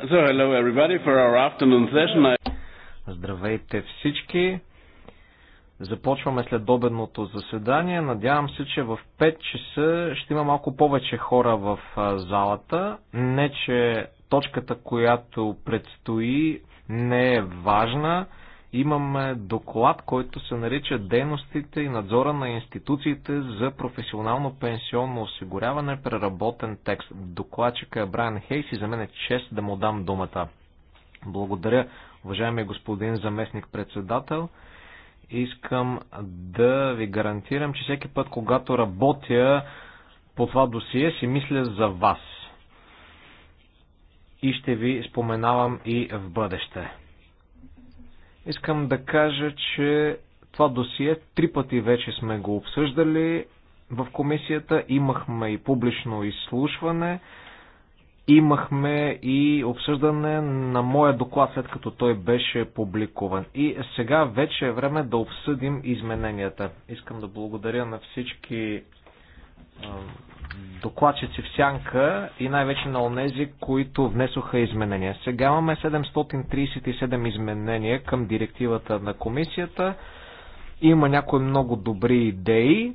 So, hello everybody for our afternoon session. Здравейте всички. Започваме след обедното заседание. Надявам се, че в 5 часа ще има малко повече хора в залата. Не, че точката, която предстои, не е важна. Имаме доклад, който се нарича Дейностите и надзора на институциите за професионално пенсионно осигуряване, преработен текст. Докладчика е Брайан Хейс и за мен е чест да му дам думата. Благодаря, уважаеми господин заместник председател искам да ви гарантирам, че всеки път, когато работя по това досие, си мисля за вас. И ще ви споменавам и в бъдеще. Искам да кажа, че това досие три пъти вече сме го обсъждали в комисията. Имахме и публично изслушване, имахме и обсъждане на моя доклад, след като той беше публикуван. И сега вече е време да обсъдим измененията. Искам да благодаря на всички докладчици в сянка и най-вече на онези, които внесоха изменения. Сега имаме 737 изменения към директивата на комисията. Има някои много добри идеи.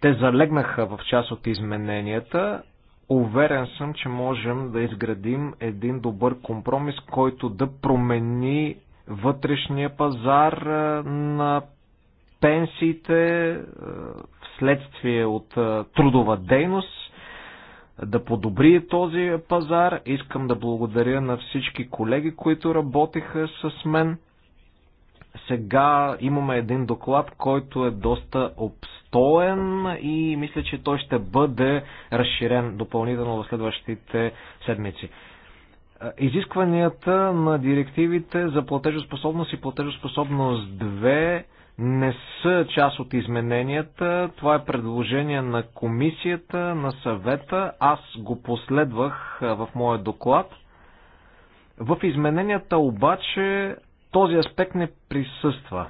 Те залегнаха в част от измененията. Уверен съм, че можем да изградим един добър компромис, който да промени вътрешния пазар на пенсиите, следствие от трудова дейност, да подобри този пазар. Искам да благодаря на всички колеги, които работиха с мен. Сега имаме един доклад, който е доста обстоен и мисля, че той ще бъде разширен допълнително в следващите седмици. Изискванията на директивите за платежоспособност и платежоспособност 2 не са част от измененията. Това е предложение на комисията, на съвета. Аз го последвах в моя доклад. В измененията обаче този аспект не присъства.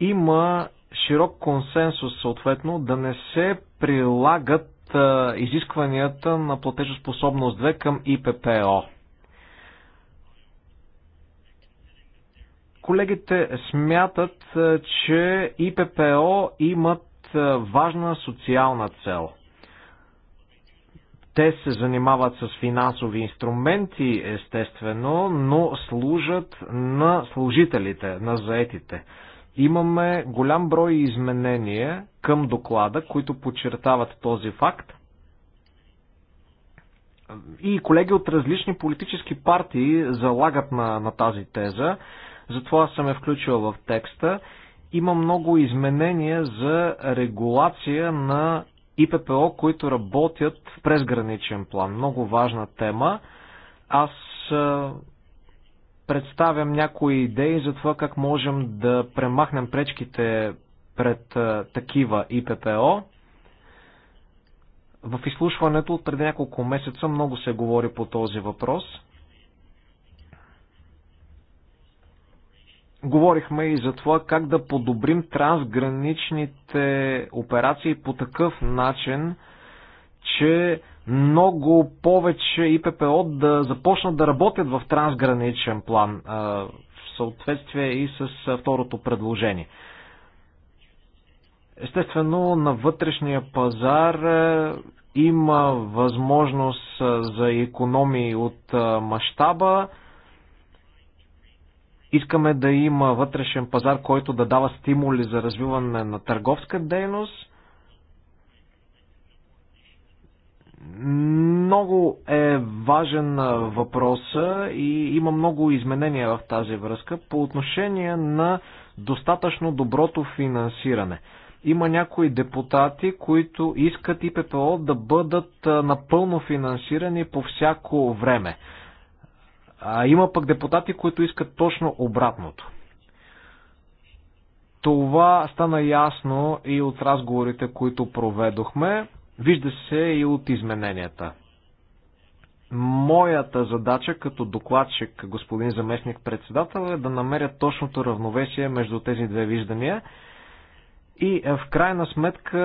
Има широк консенсус, съответно, да не се прилагат изискванията на платежоспособност 2 към ИППО. Колегите смятат, е, че ИППО имат е, важна социална цел. Те се занимават с финансови инструменти, естествено, но служат на служителите, на заетите. Имаме голям брой изменения към доклада, които подчертават този факт. И колеги от различни политически партии залагат на, на тази теза. Затова съм я е включил в текста. Има много изменения за регулация на ИППО, които работят в презграничен план. Много важна тема. Аз представям някои идеи за това как можем да премахнем пречките пред такива ИППО. В изслушването от преди няколко месеца много се говори по този въпрос – Говорихме и за това как да подобрим трансграничните операции по такъв начин, че много повече ИППО да започнат да работят в трансграничен план в съответствие и с второто предложение. Естествено, на вътрешния пазар има възможност за економии от мащаба. Искаме да има вътрешен пазар, който да дава стимули за развиване на търговска дейност. Много е важен въпрос и има много изменения в тази връзка по отношение на достатъчно доброто финансиране. Има някои депутати, които искат и ППО да бъдат напълно финансирани по всяко време. А има пък депутати, които искат точно обратното. Това стана ясно и от разговорите, които проведохме. Вижда се и от измененията. Моята задача като докладчик, господин заместник председател, е да намеря точното равновесие между тези две виждания и е, в крайна сметка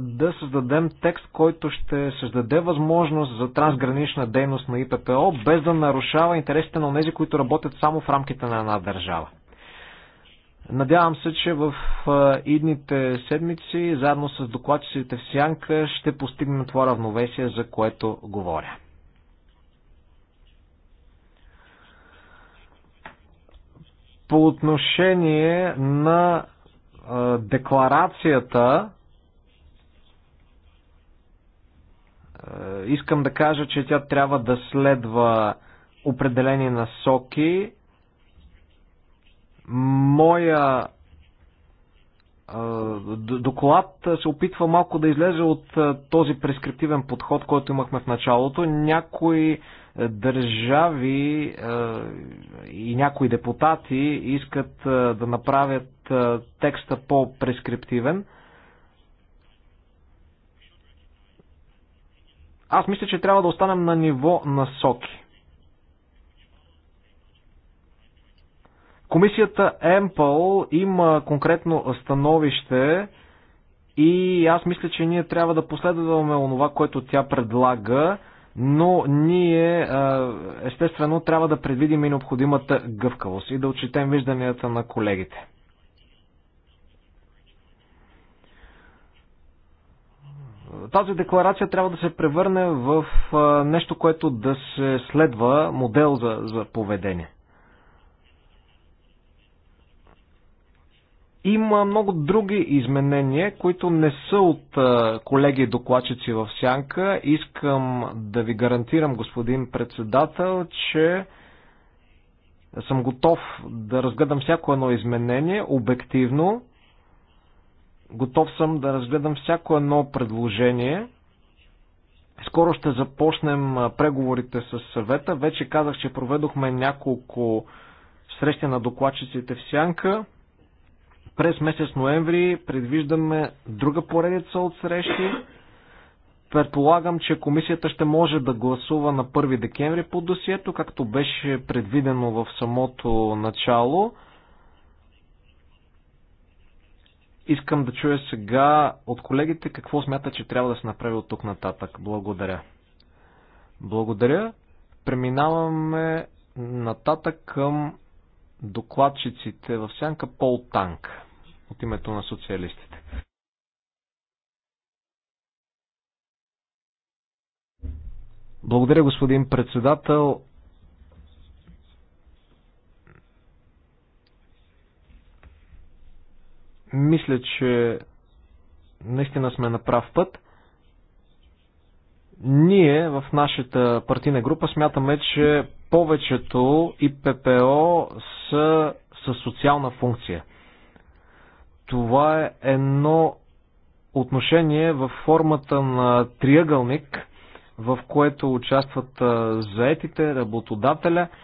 да създадем текст, който ще създаде възможност за трансгранична дейност на ИППО, без да нарушава интересите на тези, които работят само в рамките на една държава. Надявам се, че в е, идните седмици, заедно с докладчиците в Сянка, ще постигнем това равновесие, за което говоря. По отношение на декларацията, е, искам да кажа, че тя трябва да следва определени насоки. Моя доклад се опитва малко да излезе от този прескриптивен подход, който имахме в началото. Някои е, държави е, и някои депутати искат да направят е, текста по-прескриптивен. Аз мисля, че трябва да останем на ниво насоки. Комисията Емпъл има конкретно становище и аз мисля, че ние трябва да последваме онова, което тя предлага, но ние е, естествено трябва да предвидим и необходимата гъвкавост и да отчетем вижданията на колегите. тази декларация трябва да се превърне в нещо, което да се следва модел за, за поведение. Има много други изменения, които не са от колеги докладчици в сянка. Искам да ви гарантирам, господин председател, че съм готов да разгледам всяко едно изменение обективно Готов съм да разгледам всяко едно предложение. Скоро ще започнем преговорите с съвета. Вече казах, че проведохме няколко срещи на докладчиците в Сянка. През месец ноември предвиждаме друга поредица от срещи. Предполагам, че комисията ще може да гласува на 1 декември по досието, както беше предвидено в самото начало. Искам да чуя сега от колегите какво смята, че трябва да се направи от тук нататък. Благодаря. Благодаря. Преминаваме нататък към докладчиците в сянка Пол Танк от името на социалистите. Благодаря, господин председател. Мисля, че наистина сме на прав път. Ние в нашата партийна група смятаме, че повечето ППО са със социална функция. Това е едно отношение в формата на триъгълник, в което участват заетите, работодателя –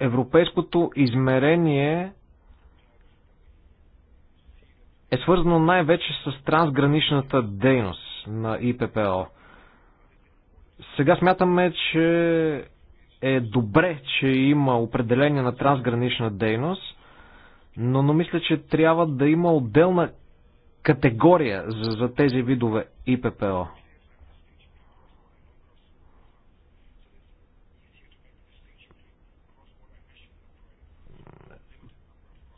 европейското измерение е свързано най-вече с трансграничната дейност на ИППО. Сега смятаме, че е добре, че има определение на трансгранична дейност, но, но мисля, че трябва да има отделна категория за, за тези видове ИППО.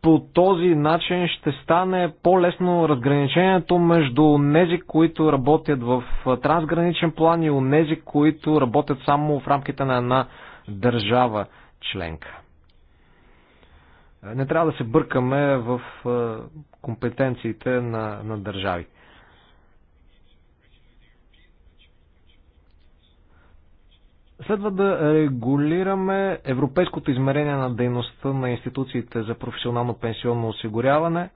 по този начин ще стане по-лесно разграничението между нези, които работят в трансграничен план и нези, които работят само в рамките на една държава членка. Не трябва да се бъркаме в компетенциите на, на държави Следва да регулираме европейското измерение на дейността на институциите за професионално пенсионно осигуряване.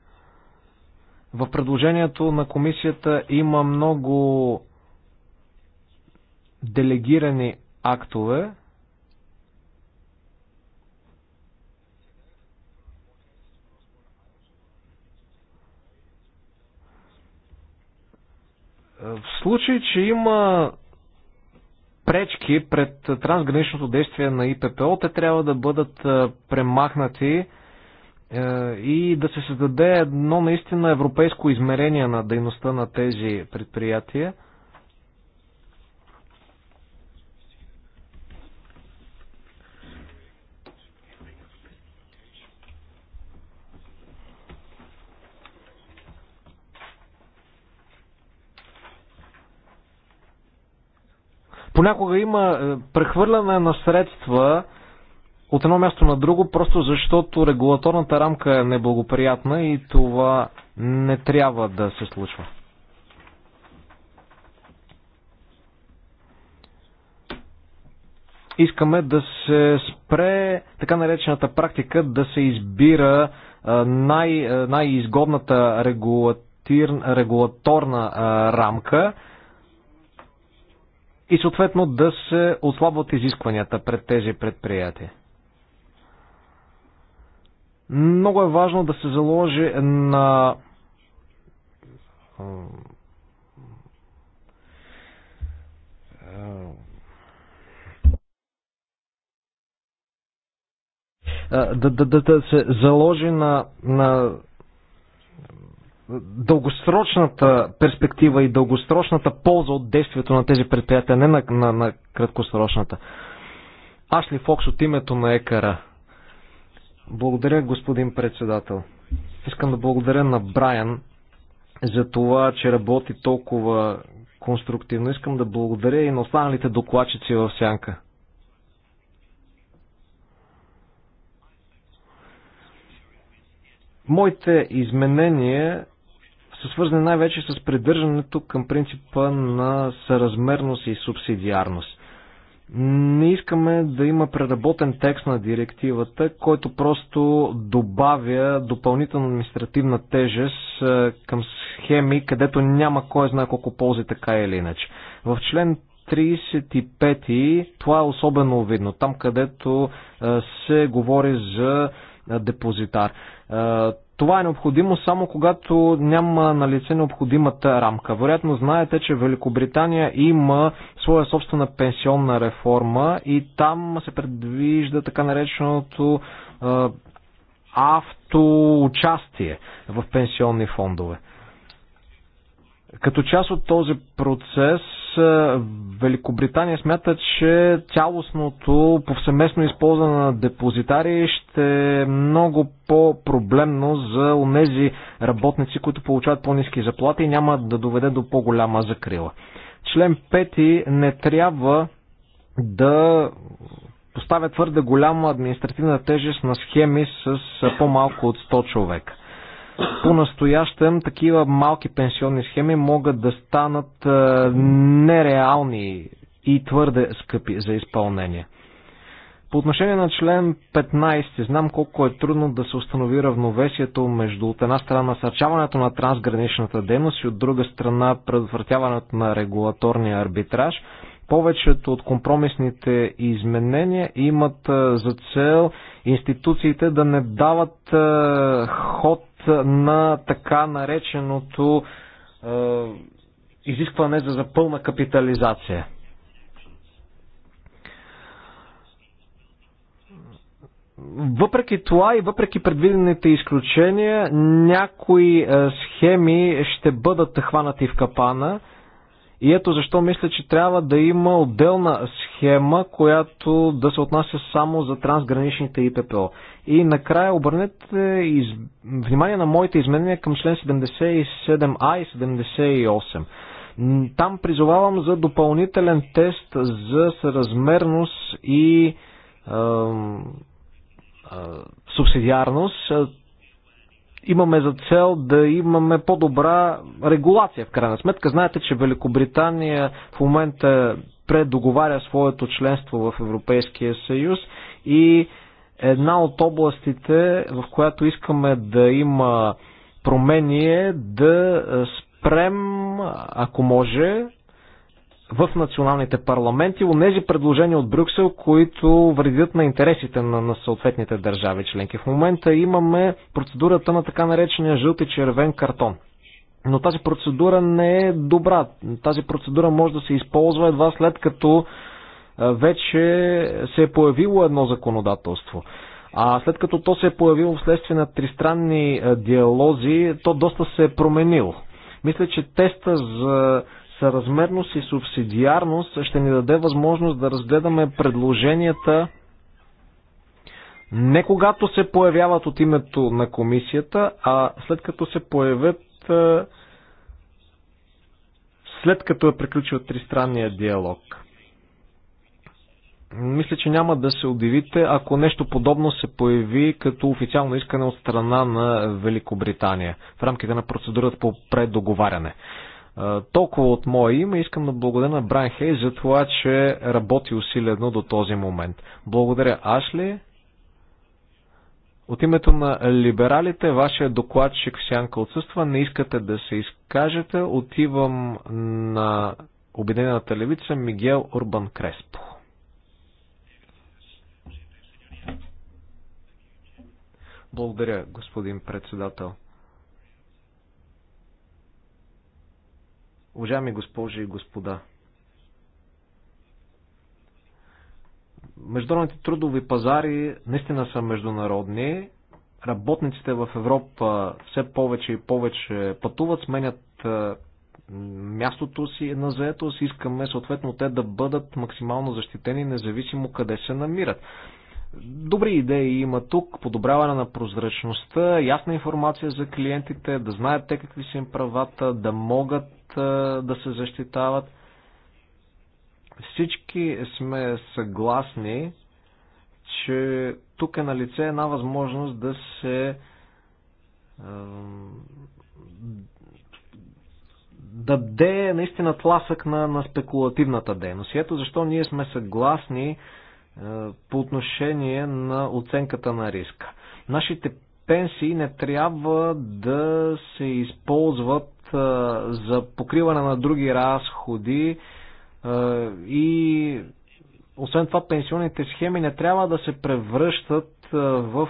В предложението на комисията има много делегирани актове. В случай, че има пречки пред трансграничното действие на ИППО, те трябва да бъдат е, премахнати е, и да се създаде едно наистина европейско измерение на дейността на тези предприятия – Понякога има е, прехвърляне на средства от едно място на друго, просто защото регулаторната рамка е неблагоприятна и това не трябва да се случва. Искаме да се спре така наречената практика да се избира е, най- е, най-изгодната регулатир, регулаторна рамка – и съответно да се отслабват изискванията пред тези предприятия. Много е важно да се заложи на да, да, да, да се заложи на, на дългосрочната перспектива и дългосрочната полза от действието на тези предприятия, не на, на, на краткосрочната. Ашли Фокс от името на Екара. Благодаря, господин председател. Искам да благодаря на Брайан за това, че работи толкова конструктивно. Искам да благодаря и на останалите докладчици в Сянка. Моите изменения са свързани най-вече с придържането към принципа на съразмерност и субсидиарност. Не искаме да има преработен текст на директивата, който просто добавя допълнителна административна тежест е, към схеми, където няма кой знае колко ползи така или иначе. В член 35 това е особено видно, там където е, се говори за е, депозитар. Това е необходимо само когато няма на лице необходимата рамка. Вероятно знаете, че Великобритания има своя собствена пенсионна реформа и там се предвижда така нареченото автоучастие в пенсионни фондове. Като част от този процес Великобритания смята, че цялостното повсеместно използване на депозитари ще е много по-проблемно за онези работници, които получават по-низки заплати и няма да доведе до по-голяма закрила. Член 5 не трябва да поставя твърде голяма административна тежест на схеми с по-малко от 100 човека. По-настоящем такива малки пенсионни схеми могат да станат е, нереални и твърде скъпи за изпълнение. По отношение на член 15, знам колко е трудно да се установи равновесието между от една страна насърчаването на трансграничната дейност и от друга страна предотвратяването на регулаторния арбитраж. Повечето от компромисните изменения имат е, за цел институциите да не дават е, ход на така нареченото е, изискване за запълна капитализация. Въпреки това и въпреки предвидените изключения, някои е, схеми ще бъдат хванати в капана – и ето защо мисля, че трябва да има отделна схема, която да се отнася само за трансграничните ИППО. И накрая обърнете из... внимание на моите изменения към член 77А и 78. Там призовавам за допълнителен тест за съразмерност и е, е, субсидиарност имаме за цел да имаме по-добра регулация в крайна сметка. Знаете, че Великобритания в момента предоговаря своето членство в Европейския съюз и една от областите, в която искаме да има промени е да спрем, ако може, в националните парламенти от нези предложения от Брюксел, които вредят на интересите на, на съответните държави членки. В момента имаме процедурата на така наречения жълт и червен картон. Но тази процедура не е добра. Тази процедура може да се използва едва след като вече се е появило едно законодателство. А след като то се е появило вследствие на тристранни диалози, то доста се е променило. Мисля, че теста за съразмерност и субсидиарност ще ни даде възможност да разгледаме предложенията не когато се появяват от името на комисията, а след като се появят е, след като е приключил тристранния диалог. Мисля, че няма да се удивите, ако нещо подобно се появи като официално искане от страна на Великобритания в рамките на процедурата по предоговаряне. Толкова от мое име искам да благодаря на Бран Хей за това, че работи усилено до този момент. Благодаря Ашли. От името на либералите, вашия докладчик Сянка отсъства, не искате да се изкажете. Отивам на Обединената левица Мигел Урбан Креспо. Благодаря, господин председател. Уважаеми госпожи и господа, международните трудови пазари наистина са международни. Работниците в Европа все повече и повече пътуват, сменят е, мястото си на заетост. Искаме съответно те да бъдат максимално защитени, независимо къде се намират. Добри идеи има тук, подобряване на прозрачността, ясна информация за клиентите, да знаят те какви са им правата, да могат да се защитават. Всички сме съгласни, че тук е на лице една възможност да се даде наистина тласък на, на спекулативната дейност. И ето защо ние сме съгласни е, по отношение на оценката на риска. Нашите пенсии не трябва да се използват е, за покриване на други разходи е, и освен това пенсионните схеми не трябва да се превръщат в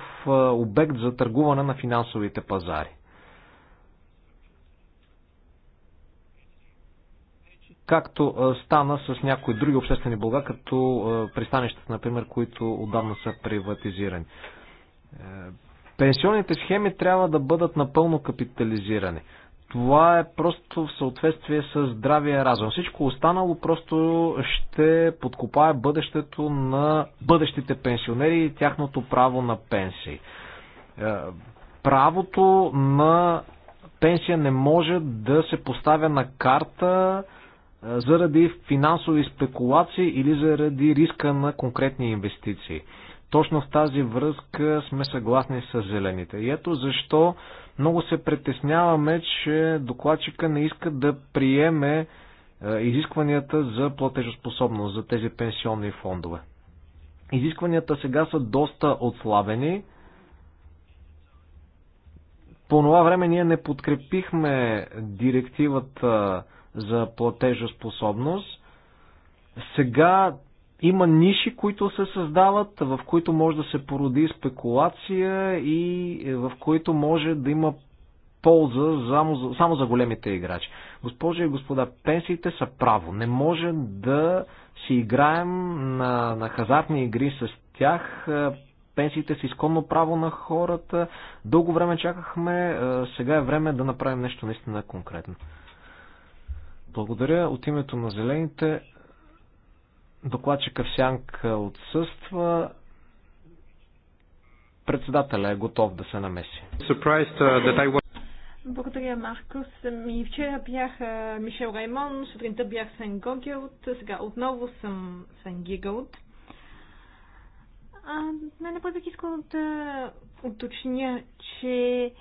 обект за търгуване на финансовите пазари. както стана с някои други обществени блага, като пристанищата, например, които отдавна са приватизирани. Е, пенсионните схеми трябва да бъдат напълно капитализирани. Това е просто в съответствие с здравия разум. Всичко останало просто ще подкопае бъдещето на бъдещите пенсионери и тяхното право на пенсии. Е, правото на пенсия не може да се поставя на карта заради финансови спекулации или заради риска на конкретни инвестиции. Точно в тази връзка сме съгласни с зелените. И ето защо много се притесняваме, че докладчика не иска да приеме изискванията за платежоспособност за тези пенсионни фондове. Изискванията сега са доста отслабени. По това време ние не подкрепихме директивата за платежоспособност. Сега има ниши, които се създават, в които може да се породи спекулация и в които може да има полза само, само за големите играчи. Госпожи и господа, пенсиите са право. Не може да си играем на, на хазартни игри с тях. Пенсиите са изконно право на хората. Дълго време чакахме, сега е време да направим нещо наистина конкретно. Благодаря. От името на зелените докладчика в сянка отсъства. Председателя е готов да се намеси. Uh, Благодаря, Маркус. И вчера бях Мишел Раймон, сутринта бях Сен Гогелт, сега отново съм Сен гигалт Най-напред бих искал да уточня, че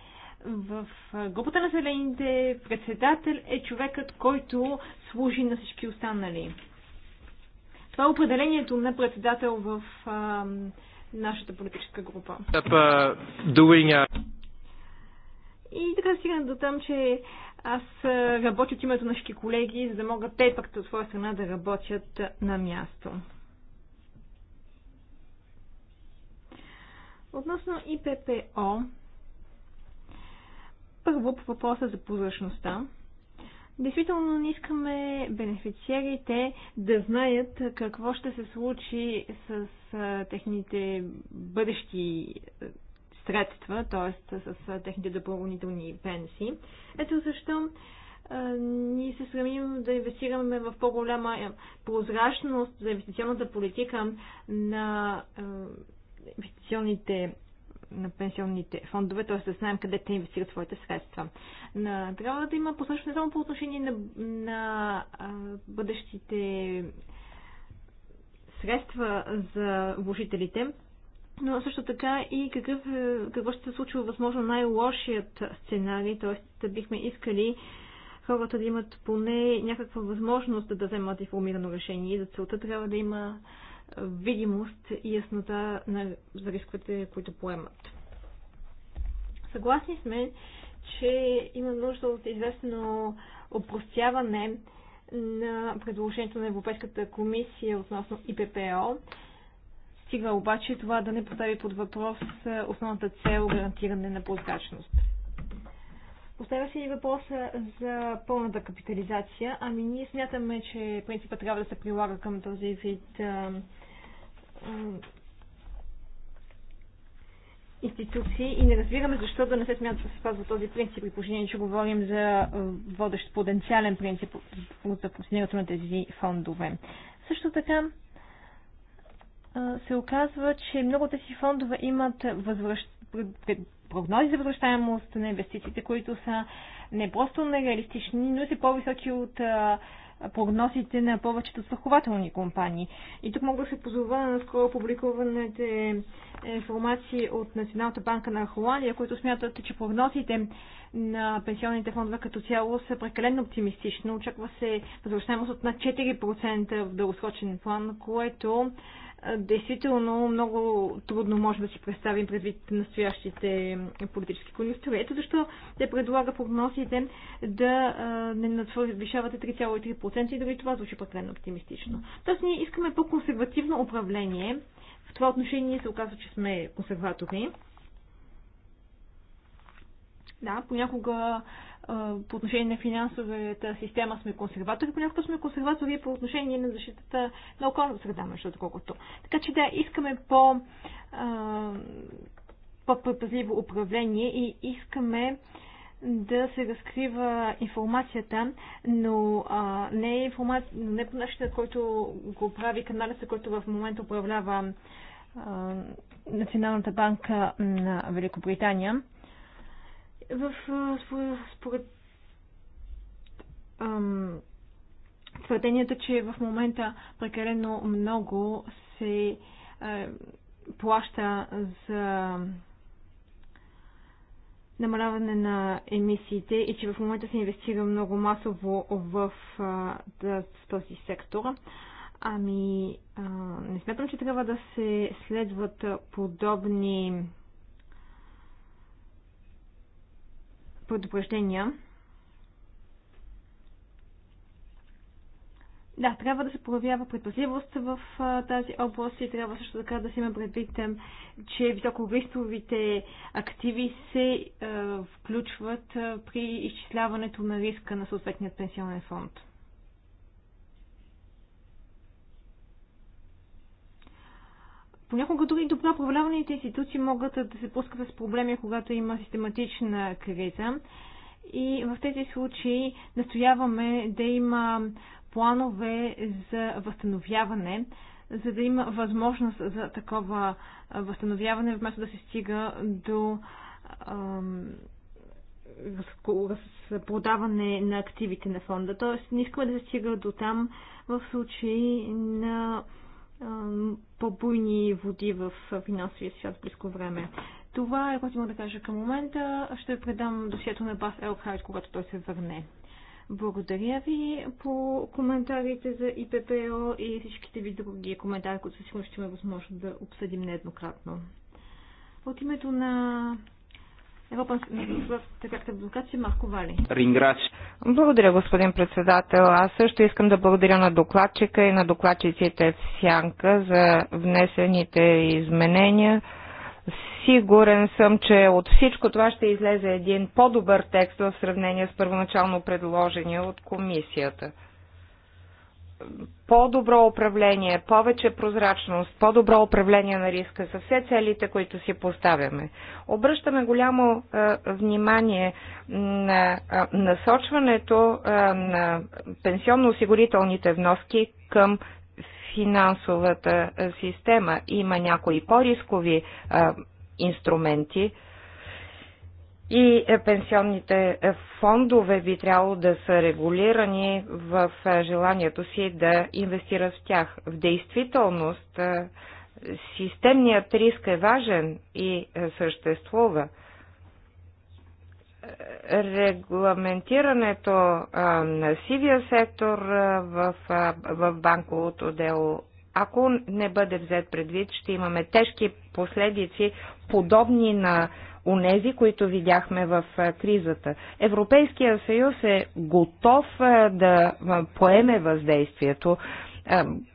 в групата на зелените председател е човекът, който служи на всички останали. Това е определението на председател в а, нашата политическа група. Uh, И така стигна до там, че аз работя от името на всички колеги, за да могат те пък от своя страна да работят на място. Относно ИППО, първо по въпроса за прозрачността. Действително не искаме бенефициарите да знаят какво ще се случи с техните бъдещи средства, т.е. с техните допълнителни пенсии. Ето защо ние се стремим да инвестираме в по-голяма прозрачност за инвестиционната политика на инвестиционните на пенсионните фондове, т.е. да знаем къде те инвестират своите средства. На, трябва да има посрещане само по отношение на, на а, бъдещите средства за вложителите, но също така и какъв, какво ще се случва възможно най-лошият сценарий, т.е. да бихме искали хората да имат поне някаква възможност да вземат информирано решение и за целта трябва да има видимост и яснота на, за рисковете, които поемат. Съгласни сме, че има нужда от известно опростяване на предложението на Европейската комисия относно ИППО. Стига обаче това да не постави под въпрос основната цел гарантиране на прозрачност. Поставя се и въпроса за пълната капитализация. Ами ние смятаме, че принципът трябва да се прилага към този вид а, а, институции и не разбираме защо да не се смята да се спазва този принцип, и положение, че говорим за водещ потенциален принцип за функционирането на тези фондове. Също така се оказва, че много тези фондове имат възвръщ... Пред прогнози за възвръщаемост на инвестициите, които са не просто нереалистични, но и са по-високи от прогнозите на повечето страхователни компании. И тук мога да се позова на скоро публикуваните информации от Националната банка на Холандия, които смятат, че прогнозите на пенсионните фондове като цяло са прекалено оптимистични. Очаква се възвръщаемост от над 4% в дългосрочен план, което действително много трудно може да си представим предвид настоящите политически конъюнктури. Ето защо те предлага прогнозите да не надвишавате 3,3% и дори това звучи прекалено оптимистично. Тоест ние искаме по-консервативно управление. В това отношение се оказва, че сме консерватори. Да, понякога по отношение на финансовата система сме консерватори, понякога сме консерватори по отношение на защитата на околната среда, между другото. Така че да, искаме по, по-предпазливо управление и искаме да се разкрива информацията, но а, не, е информация, не по начинът, който го прави каналица, който в момента управлява а, Националната банка на Великобритания в, според ам, твърденията, че в момента прекалено много се а, плаща за намаляване на емисиите и че в момента се инвестира много масово в, в, в този сектор. Ами, а, не смятам, че трябва да се следват подобни предупреждения. Да, трябва да се проявява предпазливост в тази област и трябва също така да се има предвид, че високовисковите активи се включват при изчисляването на риска на съответният пенсионен фонд. понякога дори добро управляваните институции могат да се пускат с проблеми, когато има систематична криза. И в тези случаи настояваме да има планове за възстановяване, за да има възможност за такова възстановяване, вместо да се стига до продаване на активите на фонда. Тоест, не искаме да се стига до там в случай на по-буйни води в финансовия свят в близко време. Това е което имам да кажа към момента. Ще предам досието на Бас Елхайт, когато той се върне. Благодаря ви по коментарите за ИППО и всичките ви други коментари, които сигурно ще има възможност да обсъдим нееднократно. От името на е, е Вали. Благодаря, господин председател. Аз също искам да благодаря на докладчика и на докладчиците в Сянка за внесените изменения. Сигурен съм, че от всичко това ще излезе един по-добър текст в сравнение с първоначално предложение от комисията по-добро управление, повече прозрачност, по-добро управление на риска са все целите, които си поставяме. Обръщаме голямо е, внимание на е, насочването е, на пенсионно-осигурителните вноски към финансовата система. Има някои по-рискови инструменти, и е, пенсионните е, фондове би трябвало да са регулирани в е, желанието си да инвестират в тях. В действителност системният риск е важен и съществува. Регламентирането на сивия сектор в банковото дело ако не бъде взет предвид, ще имаме тежки последици, подобни на унези, които видяхме в кризата. Европейския съюз е готов да поеме въздействието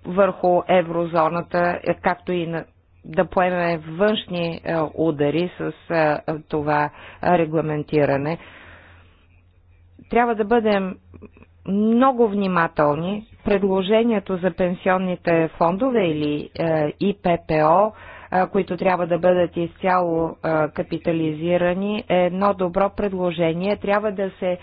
върху еврозоната, е, както и на да поеме външни удари с това регламентиране. Трябва да бъдем много внимателни предложението за пенсионните фондове или е, ИППО, е, които трябва да бъдат изцяло е, капитализирани, е едно добро предложение. Трябва да се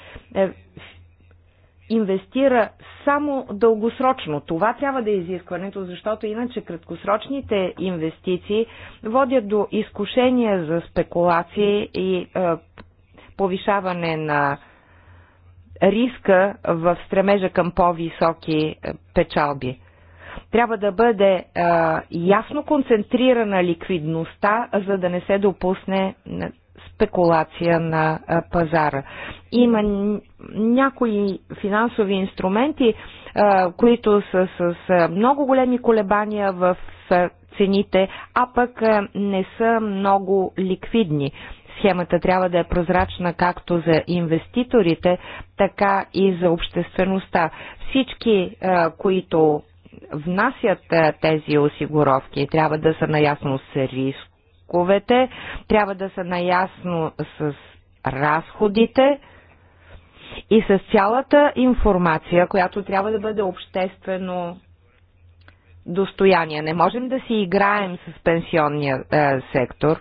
инвестира само дългосрочно. Това трябва да е изискването, защото иначе краткосрочните инвестиции водят до изкушения за спекулации и повишаване на риска в стремежа към по-високи е, печалби. Трябва да бъде а, е, ясно концентрирана ликвидността, за да не се допусне е, спекулация на а, пазара. Има някои финансови инструменти, а, които са с с много големи колебания в цените, а пък не са много ликвидни. Схемата трябва да е прозрачна както за инвеститорите, така и за обществеността. Всички, е, които внасят е, тези осигуровки, трябва да са наясно с рисковете, трябва да са наясно с разходите и с цялата информация, която трябва да бъде обществено достояние. Не можем да си играем с пенсионния е, сектор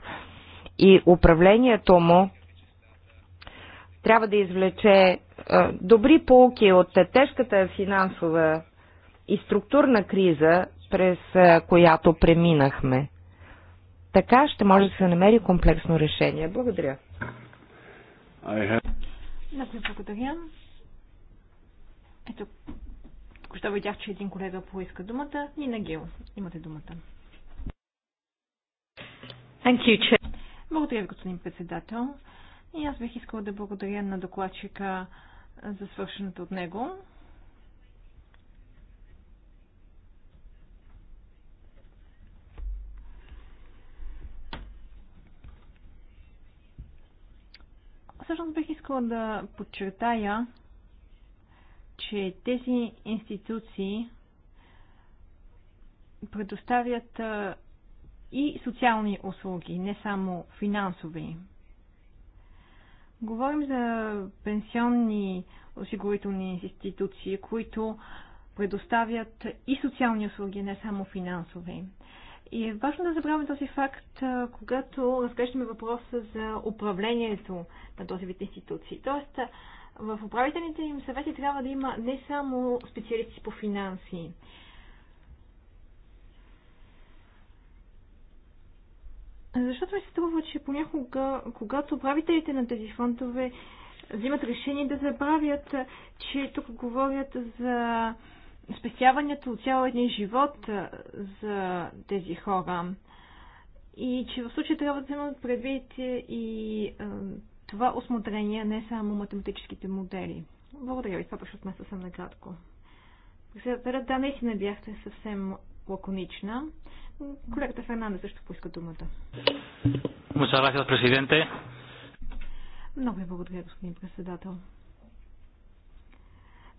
и управлението му трябва да извлече е, добри полки от тежката финансова и структурна криза, през е, която преминахме. Така ще може да се намери комплексно решение. Благодаря. Have... ви благодаря. Ето, току-що видях, че един колега поиска думата. Нина Гил, имате думата. Thank you, благодаря ви, господин председател. И аз бих искала да благодаря на докладчика за свършеното от него. Всъщност бих искала да подчертая, че тези институции предоставят и социални услуги, не само финансови. Говорим за пенсионни осигурителни институции, които предоставят и социални услуги, не само финансови. И е важно да забравяме този факт, когато разглеждаме въпроса за управлението на този вид институции. Тоест, в управителните им съвети трябва да има не само специалисти по финанси. Защото ми се струва, че понякога, когато управителите на тези фондове взимат решение да забравят, че тук говорят за спестяванията от цял един живот за тези хора. И че в случая трябва да вземат предвид и е, това осмотрение, не само математическите модели. Благодаря ви, това беше от мен съвсем накратко. да, наистина бяхте съвсем лаконична. Колегата Фернандо също поиска думата. президенте. Много ви благодаря, господин председател.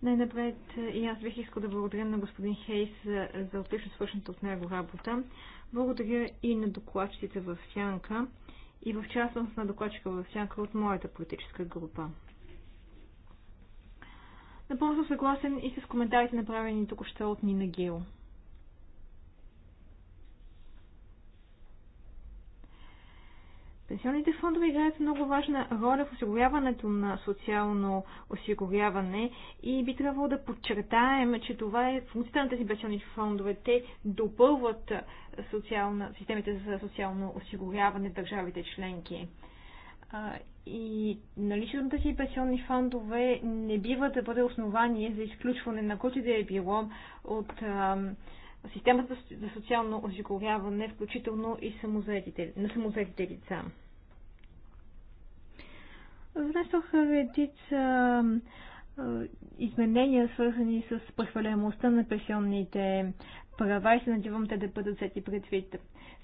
Най-напред и аз бих искал да благодаря на господин Хейс за, за отлично свършната от него работа. Благодаря и на докладчиците в Сянка и в частност на докладчика в Сянка от моята политическа група. Напълно съм съгласен и с коментарите направени тук още от Нина Гил. Пенсионните фондове играят много важна роля в осигуряването на социално осигуряване и би трябвало да подчертаем, че това е функцията на тези пенсионни фондове. Те допълват социална, системите за социално осигуряване в държавите членки. И наличието на тези пенсионни фондове не бива да бъде основание за изключване на който да е било от системата за социално осигуряване, включително и на самозаетите лица. Внесох редица изменения, свързани с прехвалемостта на пенсионните права и се надявам те да бъдат взети предвид.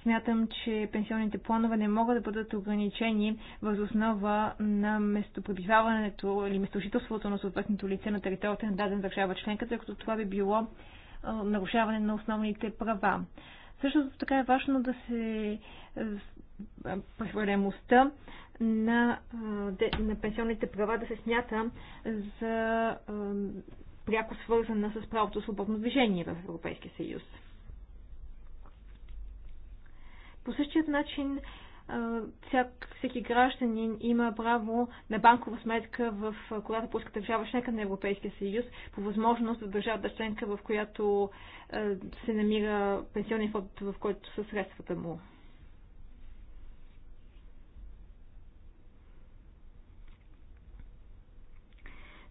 Смятам, че пенсионните планове не могат да бъдат ограничени въз основа на местопребиваването или местожителството на съответното лице на територията на даден държава членка, тъй като това би било нарушаване на основните права. Също така е важно да се прехвърлемостта на, на пенсионните права да се смята за пряко свързана с правото свободно движение в Европейския съюз. По същия начин всяк, всеки гражданин има право на банкова сметка в която пуска държава членка на Европейския съюз, по възможност в държавата членка, в която се намира пенсионния фонд, в който са средствата му.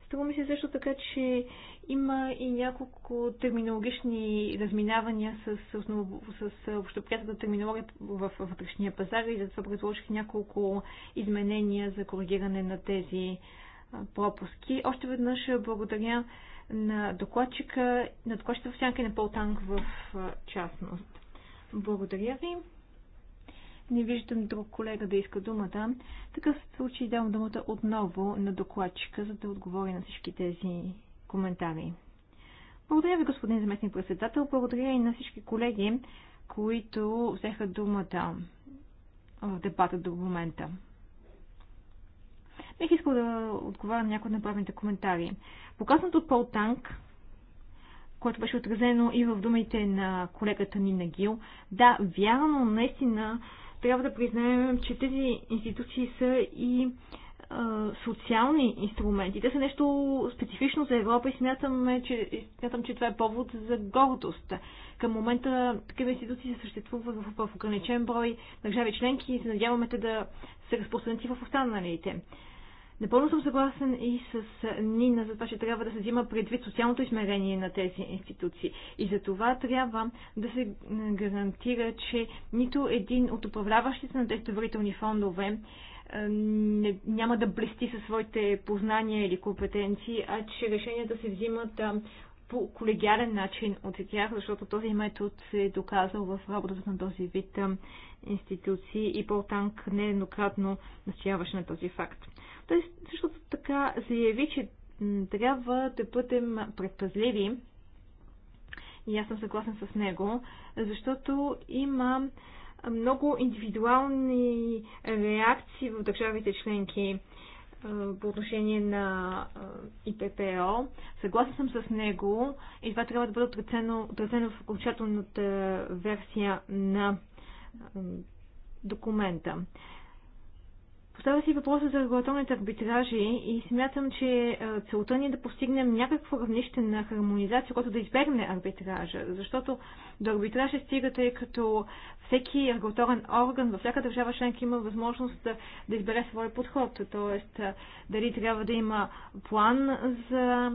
Струва ми се също така, че има и няколко терминологични разминавания с, с, с общоприятната терминология в вътрешния пазар и затова предложих няколко изменения за коригиране на тези пропуски. Още веднъж благодаря на докладчика, на докладчика в сянка и на Полтанг в частност. Благодаря ви. Не виждам друг колега да иска думата. В такъв случай давам думата отново на докладчика, за да отговори на всички тези коментари. Благодаря ви, господин заместник председател. Благодаря и на всички колеги, които взеха думата в дебата до момента. Бих искал да отговаря на някои от направените коментари. Показаното от Пол Танк, което беше отразено и в думите на колегата Нина Гил, да, вярно, наистина, трябва да признаем, че тези институции са и социални инструменти. Те са нещо специфично за Европа и смятам, че, смятам, че това е повод за гордост. Към момента такива институции се съществуват в, в ограничен брой държави членки и се надяваме те да се разпространят и в останалите. Напълно съм съгласен и с Нина за това, че трябва да се взима предвид социалното измерение на тези институции. И за това трябва да се гарантира, че нито един от управляващите на тези доверителни фондове не, няма да блести със своите познания или компетенции, а че решенията се взимат а, по колегиален начин от тях, защото този метод се е доказал в работата на този вид а, институции и Пол Танк нееднократно настояваше на този факт. Той също така заяви, че трябва да бъдем предпазливи и аз съм съгласен с него, защото има много индивидуални реакции в държавите членки по отношение на ИППО. Съгласен съм с него и това трябва да бъде отразено, отразено в окончателната версия на документа. Поставя си въпроса за регулаторните арбитражи и смятам, че целта ни е да постигнем някакво равнище на хармонизация, което да избегне арбитража, защото до арбитража стига, тъй като всеки регулаторен орган във всяка държава членка има възможност да, да избере своя подход, т.е. дали трябва да има план за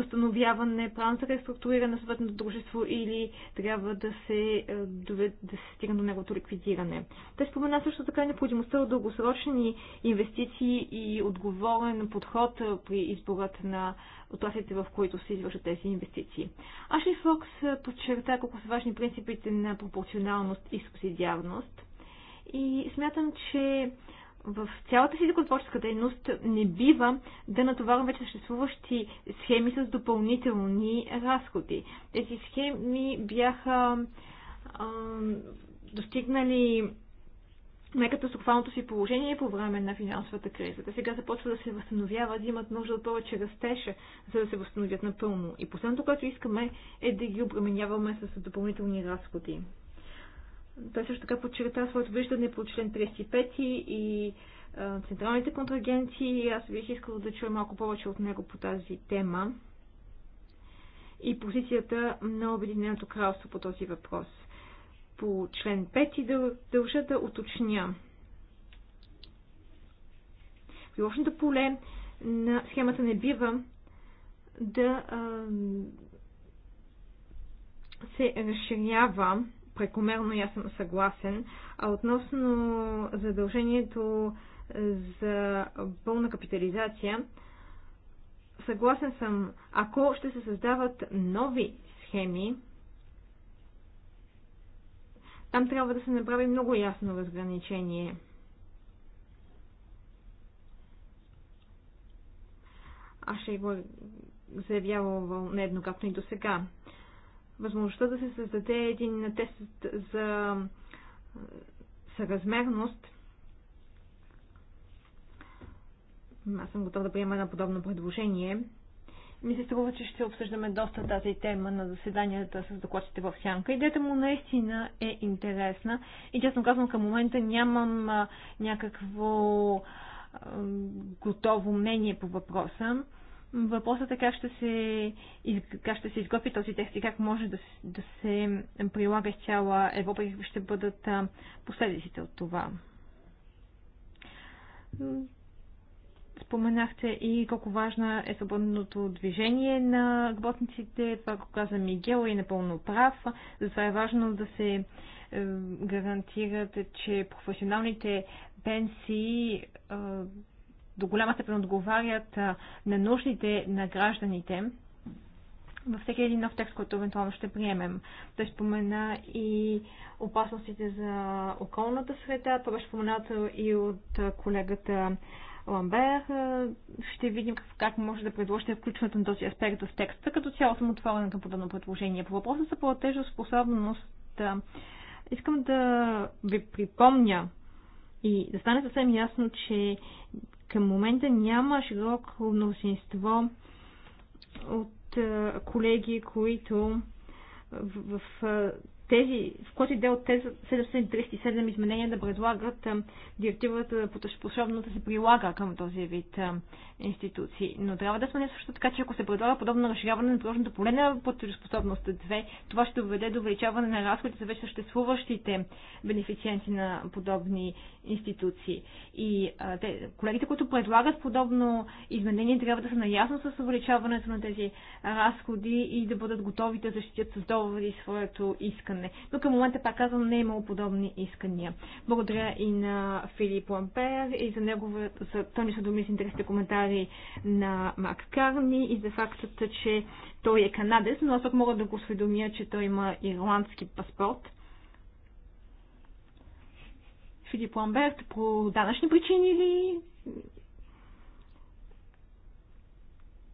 възстановяване, план за реструктуриране на съответното дружество или трябва да се, е, довед, да се стигне до неговото ликвидиране. Те спомена също така необходимостта от дългосрочни инвестиции и отговорен подход е, при изборът на отраслите, в които се извършат тези инвестиции. Ашли Фокс е, подчерта колко са важни принципите на пропорционалност и субсидиарност. И смятам, че в цялата си законотворческа дейност не бива да натоварим вече съществуващи схеми с допълнителни разходи. Тези схеми бяха а, достигнали най-катастрофалното си положение по време на финансовата криза. Те сега започват да се възстановяват, да имат нужда от повече растеж, за да се възстановят напълно. И последното, което искаме, е да ги обременяваме с допълнителни разходи. Той също така подчерта своето виждане по член 35 и централните контрагенти. Аз бих искала да чуя малко повече от него по тази тема и позицията на Обединеното кралство по този въпрос. По член 5 и дъл... дължа да уточня. Приложното поле на схемата не бива да а, се разширява прекомерно и аз съм съгласен. А относно задължението за пълна капитализация, съгласен съм, ако ще се създават нови схеми, там трябва да се направи много ясно разграничение. Аз ще го заявявам нееднократно и до сега възможността да се създаде един тест за съразмерност. Аз съм готов да приема едно подобно предложение. Ми се струва, че ще обсъждаме доста тази тема на заседанията с докладчите в Сянка. Идеята му наистина е интересна и честно казвам към момента нямам някакво готово мнение по въпроса. Въпросът е как ще се, как ще се изготви този текст и как може да, да се прилага цяла Европа и какви ще бъдат последиците от това. Споменахте и колко важно е свободното движение на работниците. Това го каза Мигел и е напълно прав. Затова е важно да се е, гарантират, че професионалните пенсии е, до голяма степен отговарят на нуждите на гражданите във всеки един нов текст, който евентуално ще приемем. Той спомена и опасностите за околната среда. Това беше споменато и от колегата Ламбер. Ще видим как, как може да предложите включването на този аспект в текста. Като цяло съм отворена към подобно предложение. По въпроса за платежоспособност, искам да ви припомня и да стане съвсем ясно, че към момента няма широко мнозинство от колеги, които в, в, в тези, в който иде от тези 737 изменения да предлагат директивата способно да се прилага към този вид институции. Но трябва да сме също така, че ако се предлага подобно разширяване на приложното поле на платежоспособност 2, това ще доведе до увеличаване на разходите за вече съществуващите бенефициенти на подобни институции. И а, те, колегите, които предлагат подобно изменение, трябва да са наясно с увеличаването на тези разходи и да бъдат готови да защитят с доводи своето искане искане. Но към момента, пак казвам, не е имало подобни искания. Благодаря и на Филип Лампер и за негова, за Тони думи с интересните коментари на Мак Карни и за фактът, че той е канадец, но аз пък мога да го осведомя, че той има ирландски паспорт. Филип Ламберт по данъчни причини ли?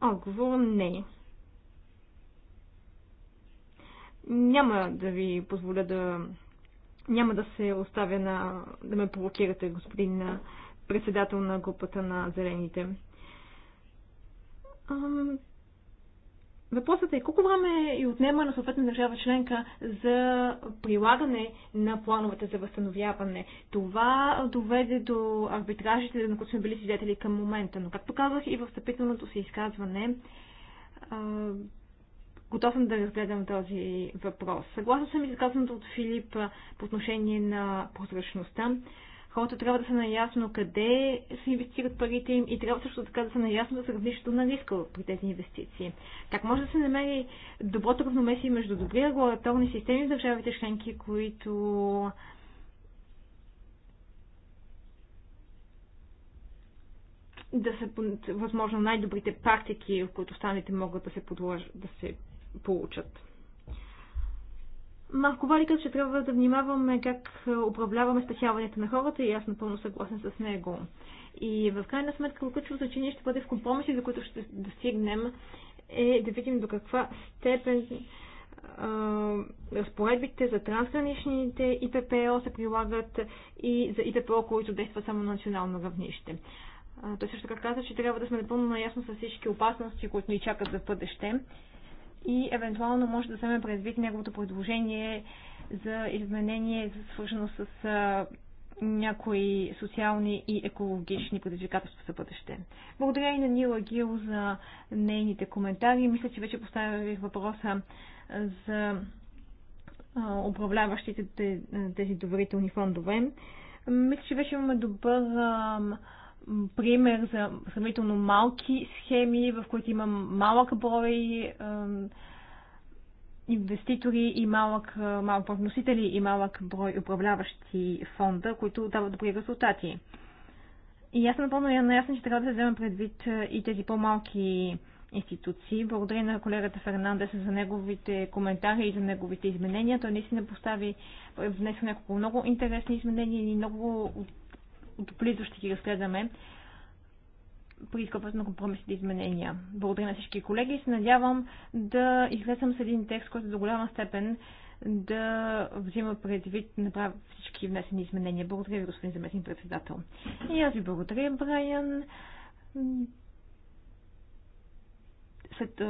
Отговор не. Няма да ви позволя да... Няма да се оставя на... да ме провокирате, господин председател на групата на зелените. Въпросът е колко време и отнема на съответна държава членка за прилагане на плановете за възстановяване. Това доведе до арбитражите, на които сме били свидетели към момента. Но, както казах и в стъпителното си изказване, Готов съм да разгледам този въпрос. Съгласна съм и изказаното от Филип по отношение на прозрачността. Хората трябва да са наясно къде се инвестират парите им и трябва също така да са наясно за равнището на риска при тези инвестиции. Как може да се намери доброто равномесие между добри регулаторни системи в държавите членки, които да са възможно най-добрите практики, в които останалите могат да се, подложат, да се получат. Марко Вали че трябва да внимаваме как управляваме спасяването на хората и аз напълно съгласен с него. И в крайна сметка, ключовото, значение ще бъде в компромиси, за които ще достигнем, е да видим до каква степен разпоредбите за трансграничните ИППО се прилагат и за ИППО, които действат само на национално равнище. Той също така каза, че трябва да сме напълно наясно с всички опасности, които ни чакат за бъдеще и евентуално може да вземе предвид неговото предложение за изменение, свързано с а, някои социални и екологични предизвикателства за бъдеще. Благодаря и на Нила Гил за нейните коментари. Мисля, че вече поставих въпроса за управляващите тези доверителни фондове. Мисля, че вече имаме добър пример за сравнително малки схеми, в които има малък брой инвеститори и малък, малък брой вносители и малък брой управляващи фонда, които дават добри резултати. И аз съм напълно наясна, че трябва да се вземе предвид и тези по-малки институции. Благодаря на колегата Фернандес за неговите коментари и за неговите изменения. Той наистина постави, внесе няколко много интересни изменения и много отоплизо ще ги разгледаме при изкопът на компромисите изменения. Благодаря на всички колеги и се надявам да излезам с един текст, който до голяма степен да взима предвид направя всички внесени изменения. Благодаря ви, господин заместник председател. И аз ви благодаря, Брайан. След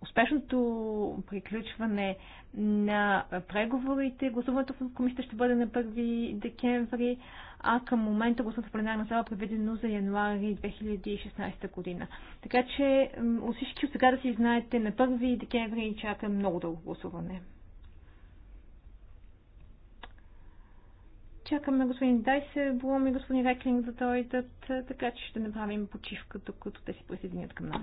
успешното приключване на преговорите, гласуването в комисията ще бъде на 1 декември, а към момента съм в пленарна зала е предвидено за януари 2016 година. Така че от всички от сега да си знаете, на 1 декември чака много дълго гласуване. Чакаме господин Дайсе, Блум и господин Реклинг да дойдат, така че ще направим почивка, докато те си присъединят към нас.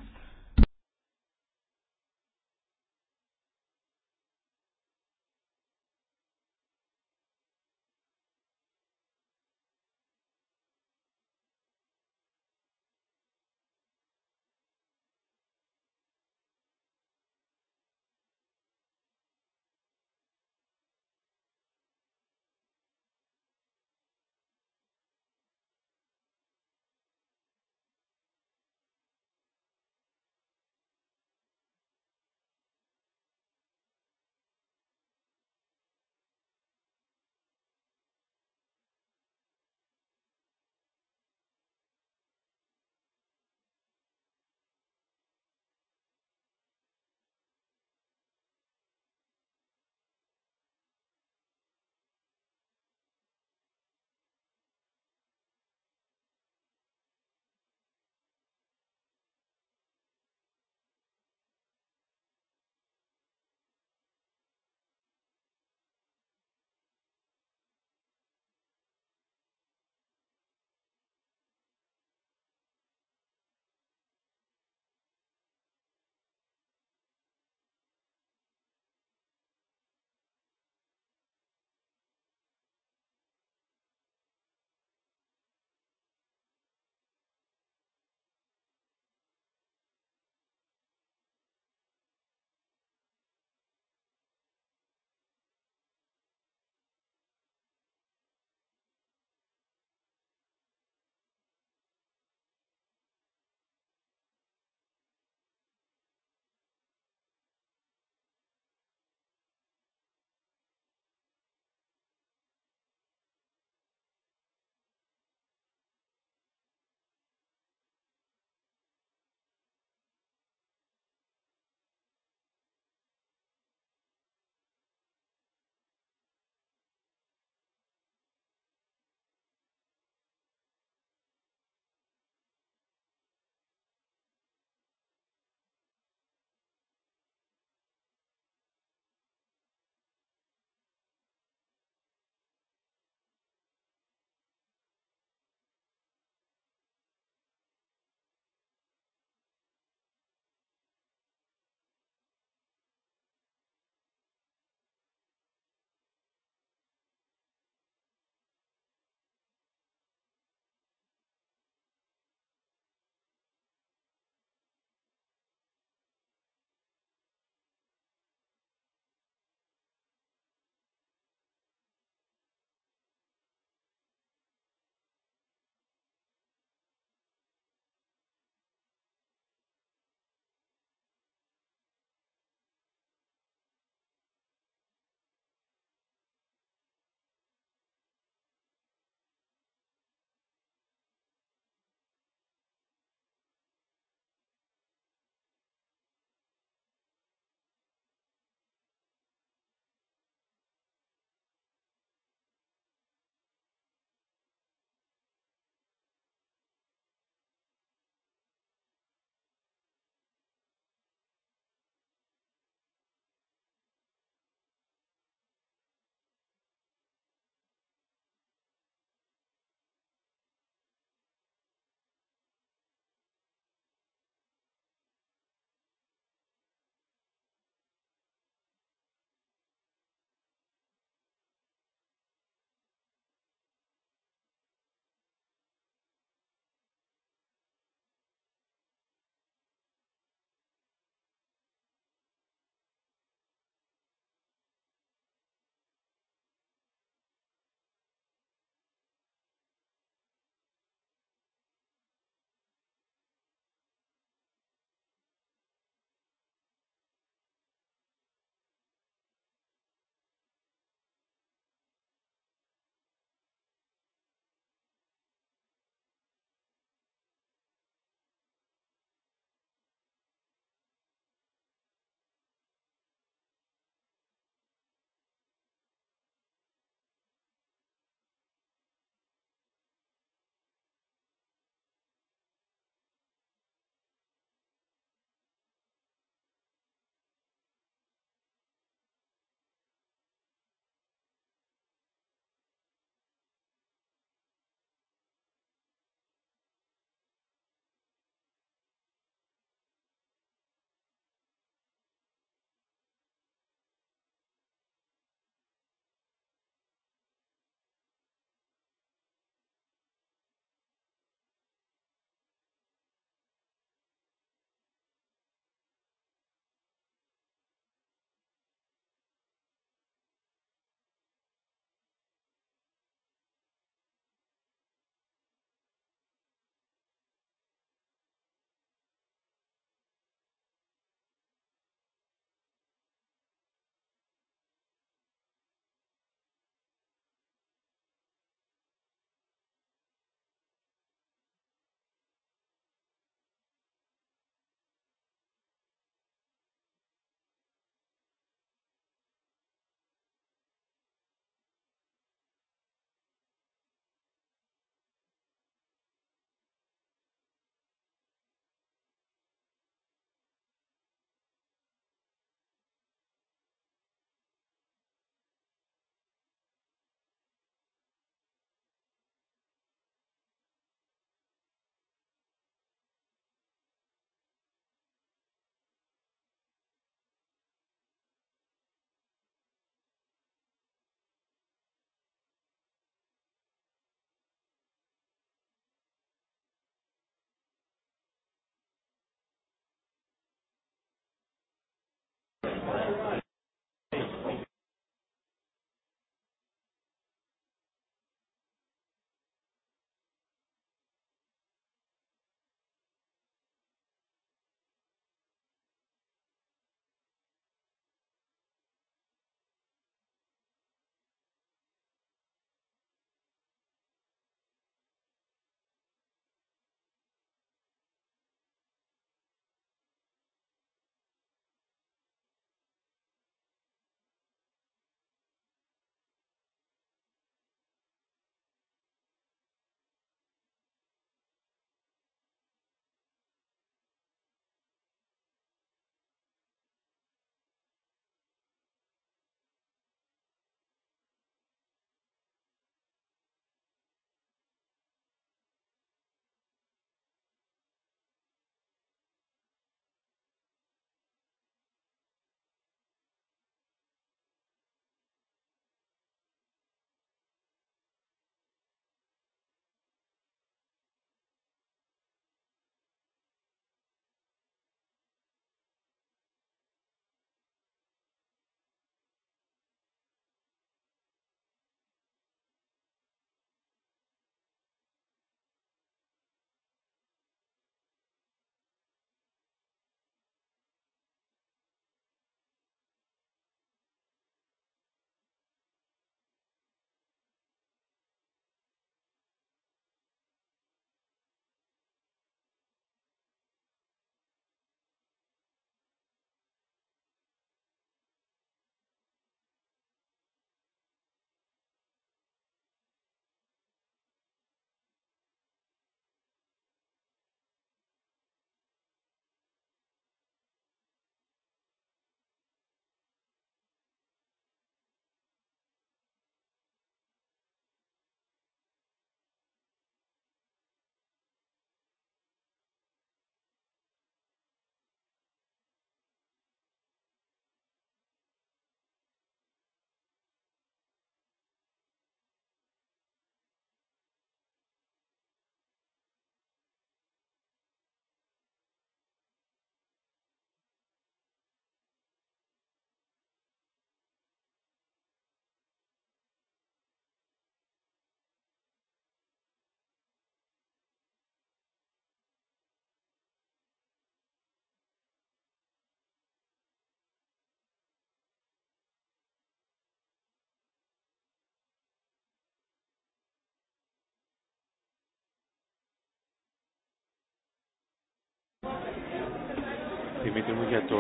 θυμίτε μου για το,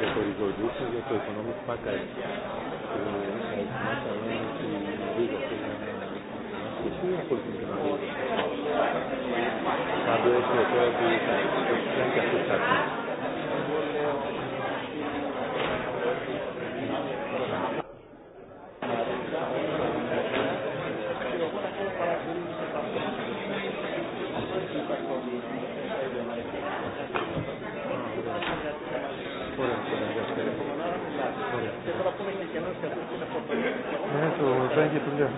για το για το οικονομικό Package που αριθμάτα είναι και αυτό Yeah, so thank you for your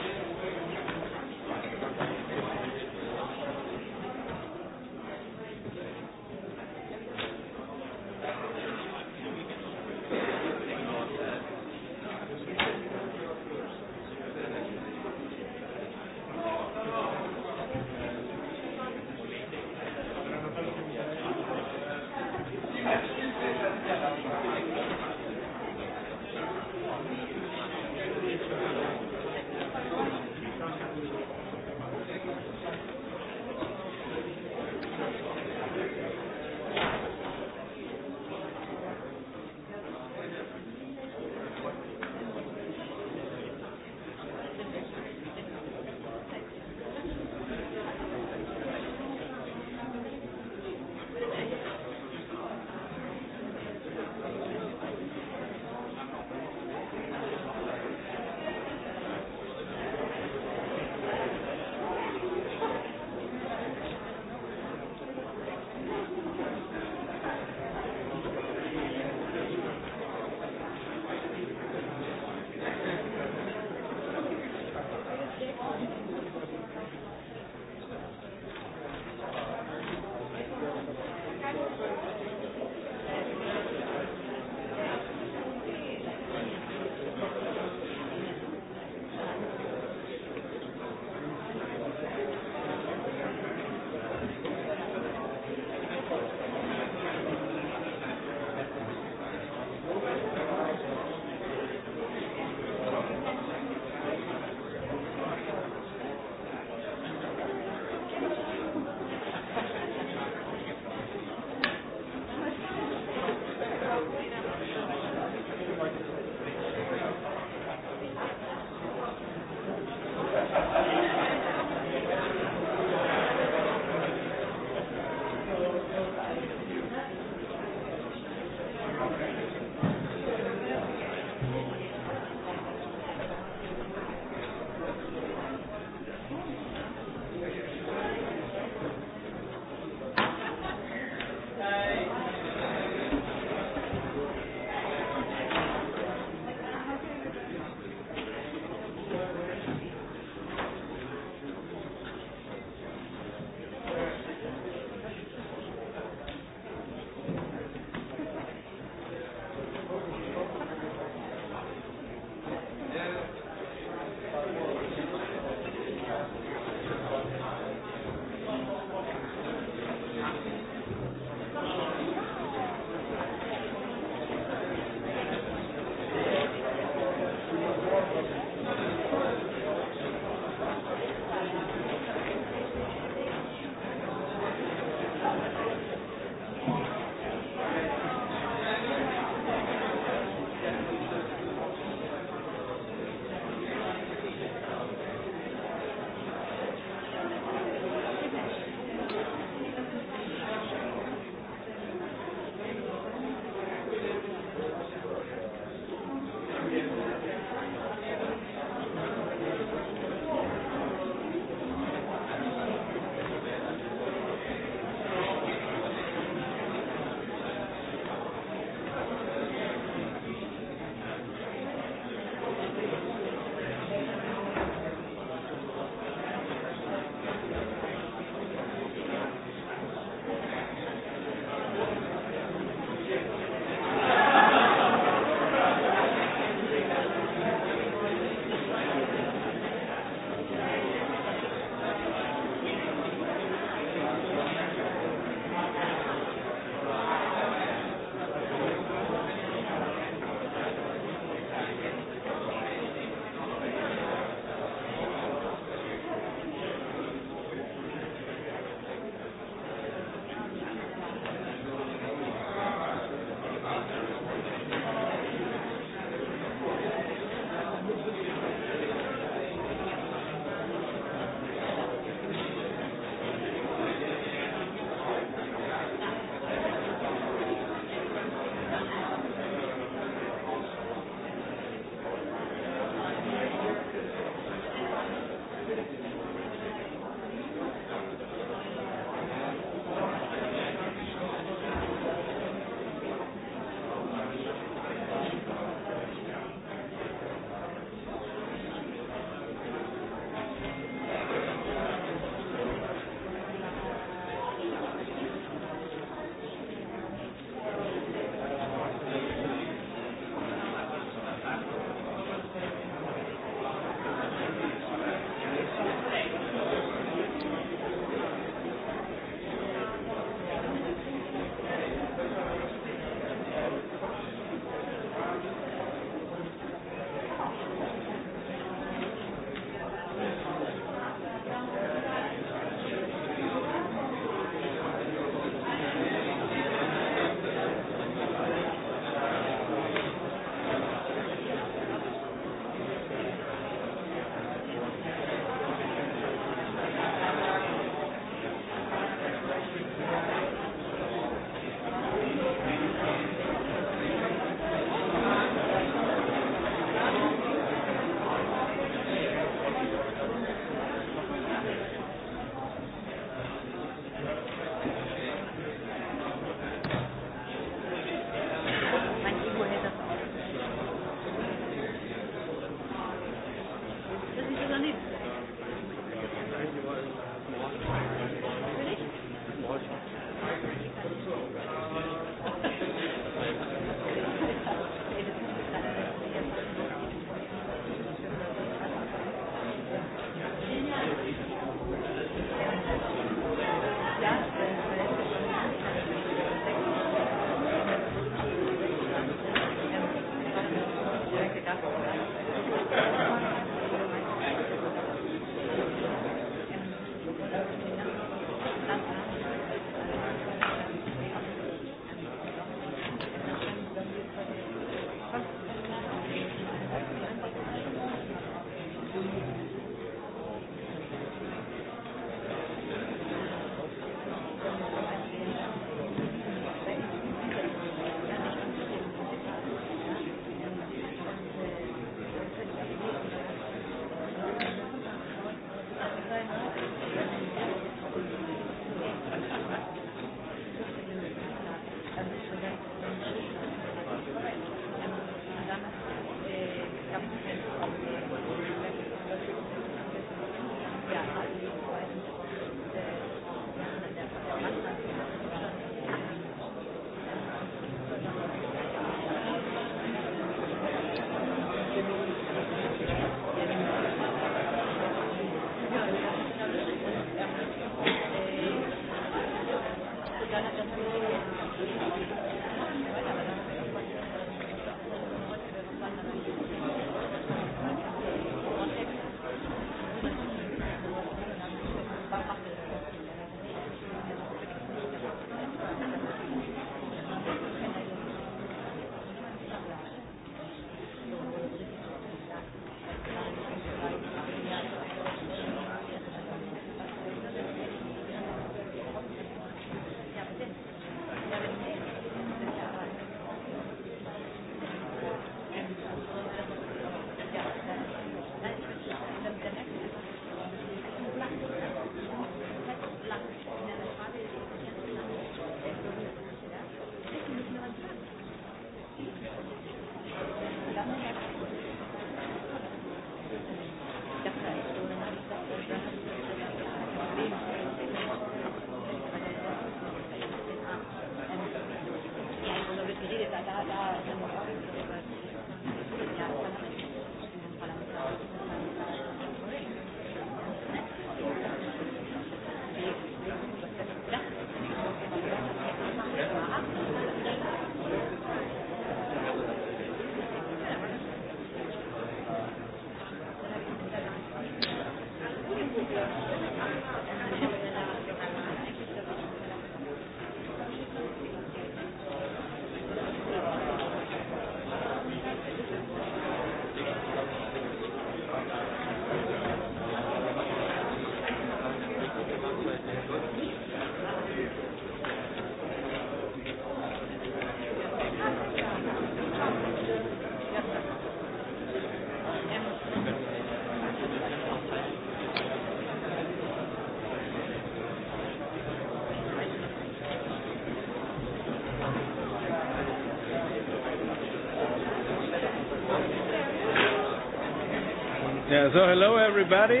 so hello everybody.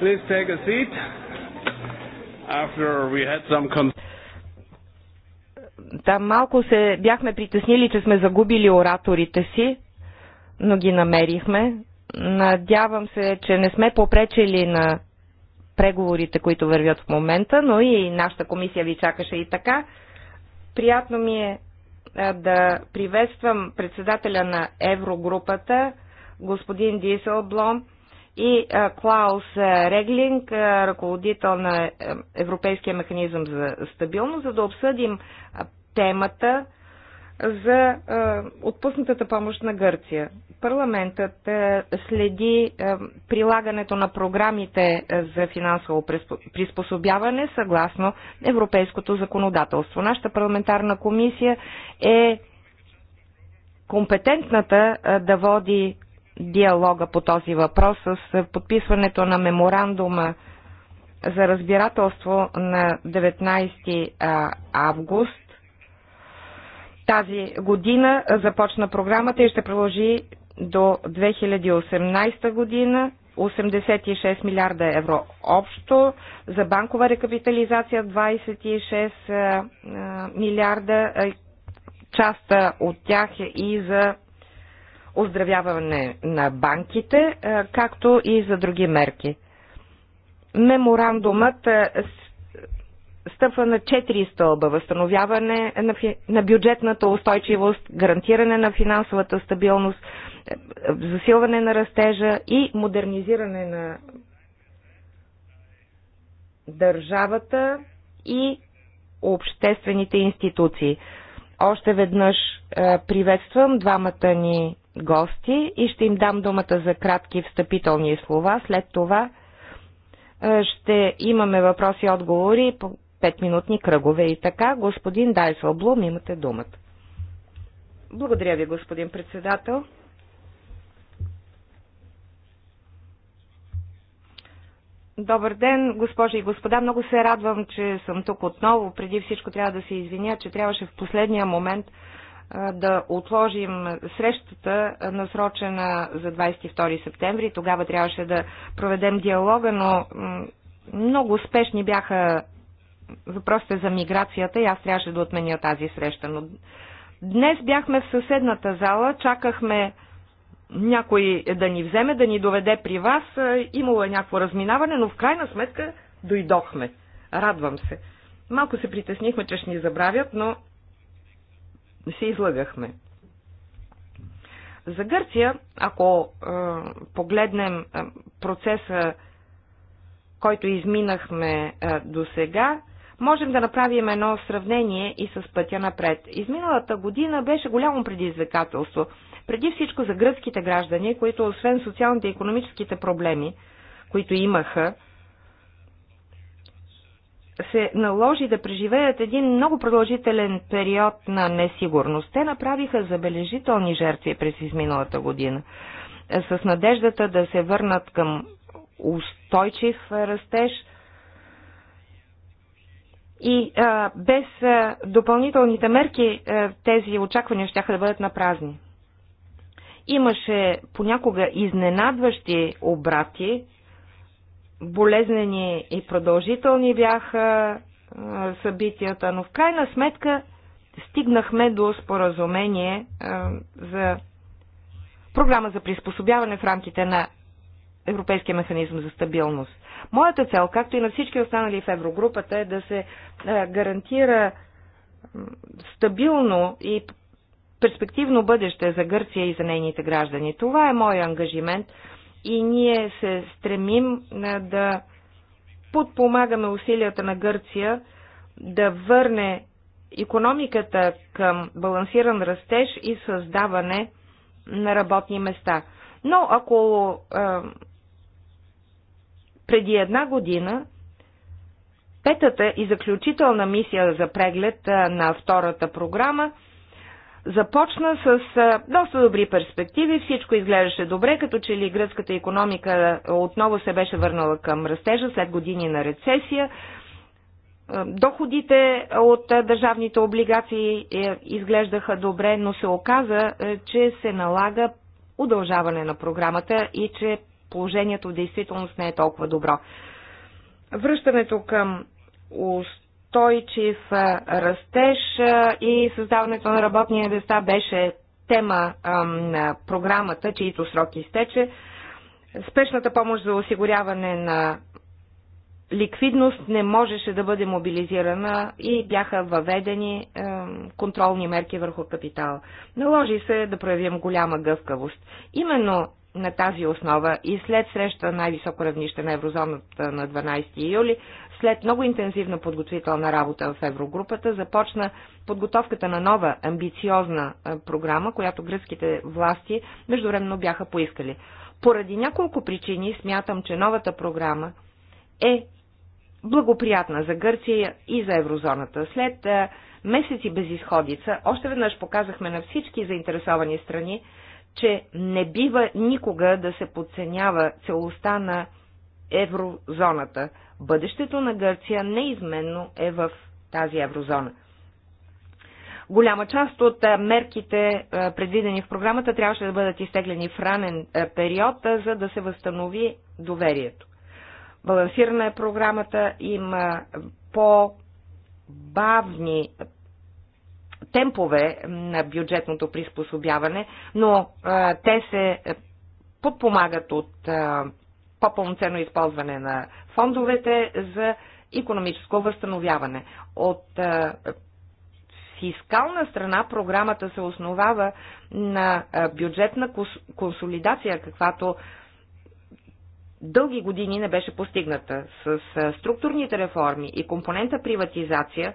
Please take a seat. After we had some Там малко се бяхме притеснили, че сме загубили ораторите си, но ги намерихме. Надявам се, че не сме попречили на преговорите, които вървят в момента, но и нашата комисия ви чакаше и така. Приятно ми е да приветствам председателя на Еврогрупата, господин Диселблом и Клаус Реглинг, ръководител на е, Европейския механизъм за стабилност, за да обсъдим темата за отпуснатата помощ на Гърция. Парламентът следи прилагането на програмите за финансово приспособяване съгласно европейското законодателство. Нашата парламентарна комисия е компетентната да води диалога по този въпрос с подписването на меморандума за разбирателство на 19 август тази година започна програмата и ще продължи до 2018 година 86 милиарда евро общо, за банкова рекапитализация 26 милиарда, част от тях и за оздравяване на банките, е, както и за други мерки. Меморандумът е, стъпва на четири стълба. Възстановяване на, фи... на бюджетната устойчивост, гарантиране на финансовата стабилност, е, засилване на растежа и модернизиране на държавата и обществените институции. Още веднъж приветствам двамата ни гости и ще им дам думата за кратки встъпителни слова. След това е, ще имаме въпроси и отговори по 5-минутни кръгове. И така, господин Дайсъл Блум, имате думата. Благодаря ви, господин председател. Добър ден, госпожи и господа. Много се радвам, че съм тук отново. Преди всичко трябва да се извиня, че трябваше в последния момент да отложим срещата, насрочена за 22 септември. Тогава трябваше да проведем диалога, но много успешни бяха въпросите за миграцията и аз трябваше да отменя тази среща. Но днес бяхме в съседната зала, чакахме някой да ни вземе, да ни доведе при вас. Имало е някакво разминаване, но в крайна сметка дойдохме. Радвам се. Малко се притеснихме, че ще ни забравят, но се излагахме. За Гърция, ако е, погледнем е, процеса, който изминахме е, до сега, можем да направим едно сравнение и с пътя напред. Изминалата година беше голямо предизвикателство, преди всичко за гръцките граждани, които освен социалните и економическите проблеми, които имаха, се наложи да преживеят един много продължителен период на несигурност. Те направиха забележителни жертви през изминалата година, с надеждата да се върнат към устойчив растеж и а, без а, допълнителните мерки а, тези очаквания ще да бъдат напразни. Имаше понякога изненадващи обрати болезнени и продължителни бяха събитията, но в крайна сметка стигнахме до споразумение за програма за приспособяване в рамките на Европейския механизъм за стабилност. Моята цел, както и на всички останали в Еврогрупата, е да се гарантира стабилно и перспективно бъдеще за Гърция и за нейните граждани. Това е мой ангажимент – и ние се стремим да подпомагаме усилията на Гърция да върне економиката към балансиран растеж и създаване на работни места. Но ако е, преди една година петата и заключителна мисия за преглед на втората програма започна с доста добри перспективи, всичко изглеждаше добре, като че ли гръцката економика отново се беше върнала към растежа след години на рецесия. Доходите от държавните облигации е, изглеждаха добре, но се оказа, е, че се налага удължаване на програмата и че положението в действителност не е толкова добро. Връщането към устойчив растеж и създаването на работни места беше тема на програмата, чието срок изтече. Спешната помощ за осигуряване на ликвидност не можеше да бъде мобилизирана и бяха въведени контролни мерки върху капитала. Наложи се да проявим голяма гъвкавост. Именно на тази основа и след среща най-високо равнище на еврозоната на 12 юли след много интензивна подготвителна работа в Еврогрупата започна подготовката на нова амбициозна програма, която гръцките власти междувременно бяха поискали. Поради няколко причини смятам, че новата програма е благоприятна за Гърция и за еврозоната. След месеци без изходица, още веднъж показахме на всички заинтересовани страни, че не бива никога да се подценява целостта на еврозоната. Бъдещето на Гърция неизменно е в тази еврозона. Голяма част от мерките, предвидени в програмата, трябваше да бъдат изтеглени в ранен период, за да се възстанови доверието. Балансирана е програмата, има по-бавни темпове на бюджетното приспособяване, но те се подпомагат от по-пълноценно използване на фондовете за економическо възстановяване. От фискална страна програмата се основава на бюджетна консолидация, каквато дълги години не беше постигната. С структурните реформи и компонента приватизация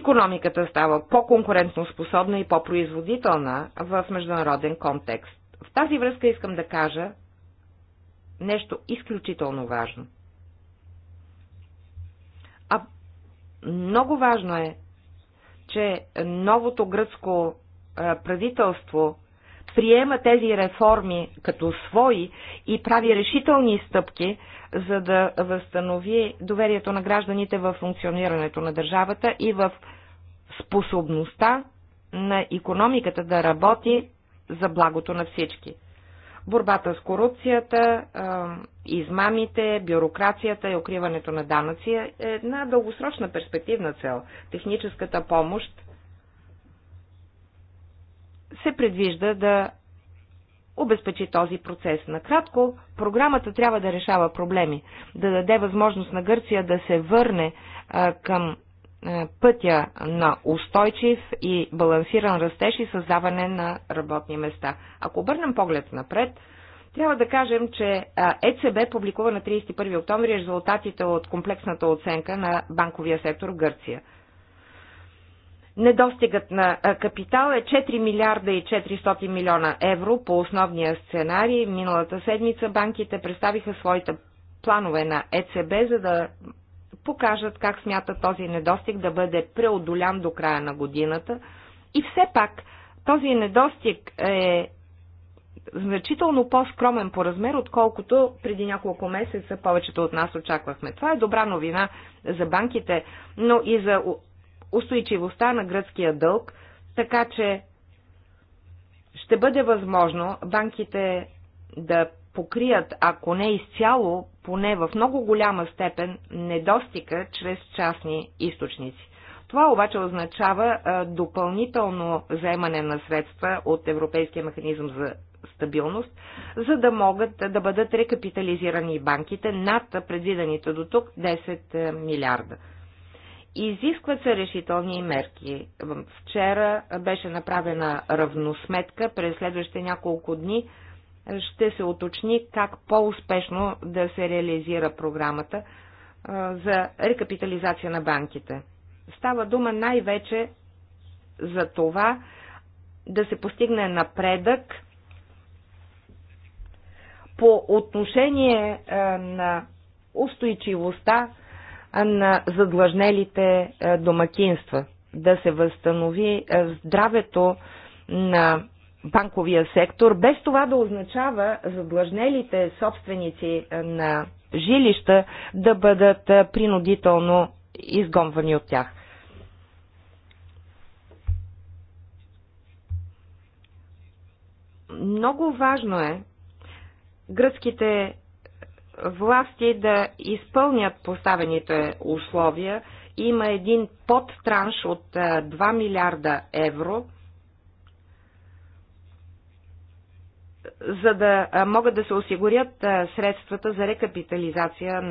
економиката става по-конкурентоспособна и по-производителна в международен контекст. В тази връзка искам да кажа, нещо изключително важно. А много важно е, че новото гръцко правителство приема тези реформи като свои и прави решителни стъпки, за да възстанови доверието на гражданите в функционирането на държавата и в способността на економиката да работи за благото на всички борбата с корупцията, измамите, бюрокрацията и укриването на данъци е една дългосрочна перспективна цел. Техническата помощ се предвижда да обезпечи този процес. Накратко, програмата трябва да решава проблеми, да даде възможност на Гърция да се върне а, към е, пътя на устойчив и балансиран растеж и създаване на работни места. Ако обърнем поглед напред, трябва да кажем, че ЕЦБ публикува на 31 октомври резултатите от комплексната оценка на банковия сектор в Гърция. Недостигът на капитал е 4 милиарда и 400 милиона евро по основния сценарий. Миналата седмица банките представиха своите планове на ЕЦБ, за да покажат как смятат този недостиг да бъде преодолян до края на годината. И все пак този недостиг е значително по-скромен по размер, отколкото преди няколко месеца повечето от нас очаквахме. Това е добра новина за банките, но и за устойчивостта на гръцкия дълг, така че ще бъде възможно банките да покрият, ако не изцяло, поне в много голяма степен, недостига чрез частни източници. Това обаче означава допълнително заемане на средства от Европейския механизъм за стабилност, за да могат да бъдат рекапитализирани банките над предвидените до тук 10 милиарда. Изискват се решителни мерки. Вчера беше направена равносметка, през следващите няколко дни ще се уточни как по-успешно да се реализира програмата за рекапитализация на банките. Става дума най-вече за това да се постигне напредък по отношение на устойчивостта на задлъжнелите домакинства, да се възстанови здравето на банковия сектор, без това да означава задлъжнелите собственици е, на жилища да бъдат е, принудително изгонвани от тях. Много важно е гръцките власти да изпълнят поставените условия. Има един подтранш от 2 е, милиарда евро – за да могат да се осигурят средствата за рекапитализация